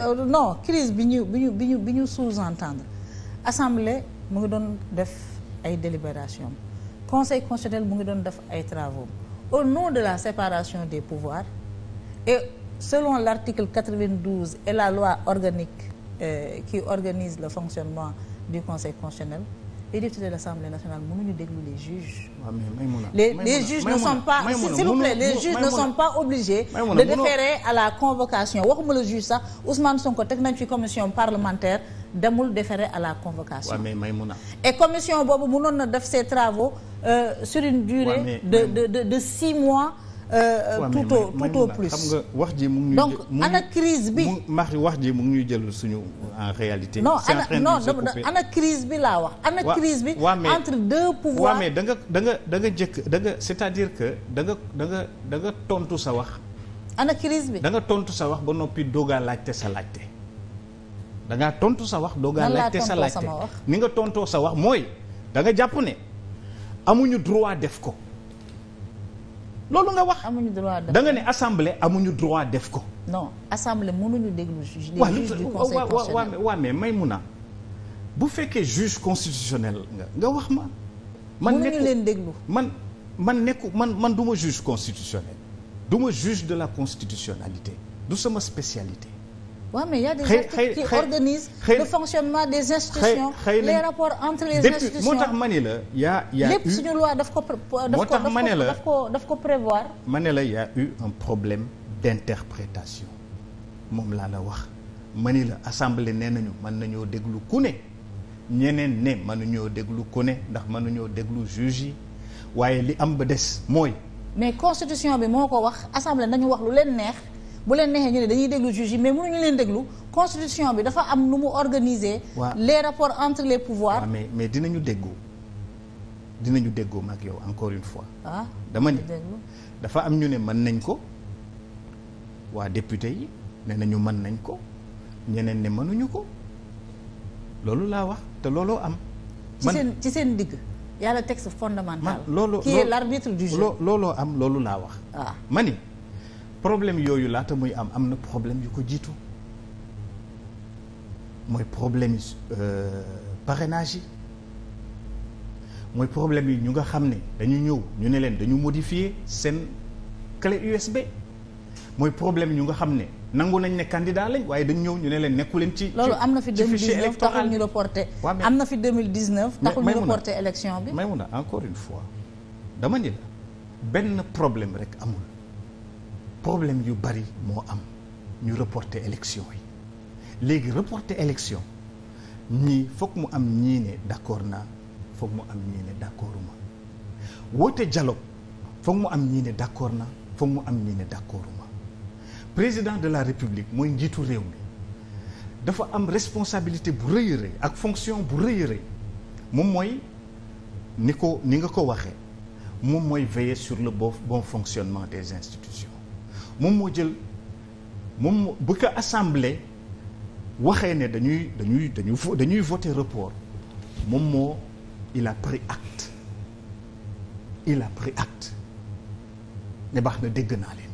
Euh, non crise bi ñu bi ñu bi ñu bi ñu sous-entendre assemblée mu ngi doon def ay délibération conseil constitutionnel mu ngi doon def ay travaux au nom de la séparation des pouvoirs et selon l'article 92 et la loi organique euh, qui organise le fonctionnement du conseil constitutionnel les députés de l'Assemblée nationale mënuñu déglu les juges. waaw mais Maïmouna les les juges ne sont pas s'il vous plaît les juges ne sont pas obligés. de déférer à la convocation waxuma la juge sax Ousmane Sonko teg nañ fi commission parlementaire demul déférer à la convocation. waaw mais Maïmouna et commission boobu mënoon na def ses travaux euh, sur une durée. de de de de six mois. tout au tout au plus. xam nga wax ji mu ngi ñuy donc ana crise bi wax ji mu ñuy jël suñu en réalité. non ana non ana crise bi laa wax. ana crise bi entre deux pouvoirs. waaw mais da da nga da jëkk danga nga cest dire que da nga danga da nga tontu sa wax. ana crise bi da tontu sa wax ba noppi doogaa laajte sa laajte. da tontu sa wax doogaa laajte sa laajte ni nga tontoo sa wax mooy da nga jàpp ne amuñu droit def ko. loolu nga wax. amuñu droit def da nga ne assemblée amuñu droit def ko. non assemblée mënuñu déglu juge. les juges du conseil constitutionnel waaw mais Maïmouna bu fekkee juge constitutionnel nga nga wax ma. man nekku leen déglu man man nekku man man du ma juge constitutionnel du ma juge de la constitutionnalité du sama spécialité. waaw mais y a des articles qui organisent le fonctionnement des institutions les rapports entre les institutions moo tax ma la yaa yaa lépp suñu loi daf ko moo tax ma la daf ko daf ko prévoir ma ne la y a eu un moom laa la wax ma ni la assemblée nee nañu mën nañoo déglu ku ne ñeneen ne mënuñoo déglu ku ne ndax nañoo déglu juge yi waaye li am ba des mooy mais constitution bi moo ko wax assemblée nañu wax lu leen neex bu leen neexee ñu ne dañuy déglu juge yi mais mënuñu leen déglu constitution bi dafa am nu mu organiser les rapports entre les pouvoirs mais mais dinañu déggoo dinañu déggoo maag yow encore une fois ah dama ne dafa am ñu ne mën nañ ko waa député yi ne nañu mën nañ ko ñeneen ne mënuñu ko loolu laa wax te looloo am ci seen ci seen digg y a le texte fondamental qui est looloo am loolu laa wax ah. ma ni problème yooyu laata muy am am na problème yu ko jiitu mooy problème yi euh, parrainage yi mooy problème yi ñu nga xam ne dañu ñëw ñu ne leen dañu modifier seen clé USB mooy problème ñu nga xam ne nangu nañ ne candidat lañ waaye dañ ñëw ñu ne leen nekku leen ci loolu am na fi 2019 taxul ñu reporté am na fi 2019 taxul ñu reporté élection bi may mun a encore une fois dama ni la benn problème rek amul problème yu bari moo am ñu reporter élection yi léegi reporter élection ñii foog mu am ñii ne d'accord naa foog mu am ñii ne d'accorduma woote dialogue foog mu am ñii ne d'accord naa foog mu am ñii ne d'accorduma président de la république mooy njiitu réew mi dafa am responsabilité bu rëy rëy ak fonction bu rëy rëy moom mooy ni ko ni nga ko waxee moom mooy veiller sur le bon bon fonctionnement des institutions moom moo jël moom bu ko assemblée waxee ne dañuy dañuy dañuy dañuy voter report moom moo il a pris acte il a pris acte ne baax na dégg naa leen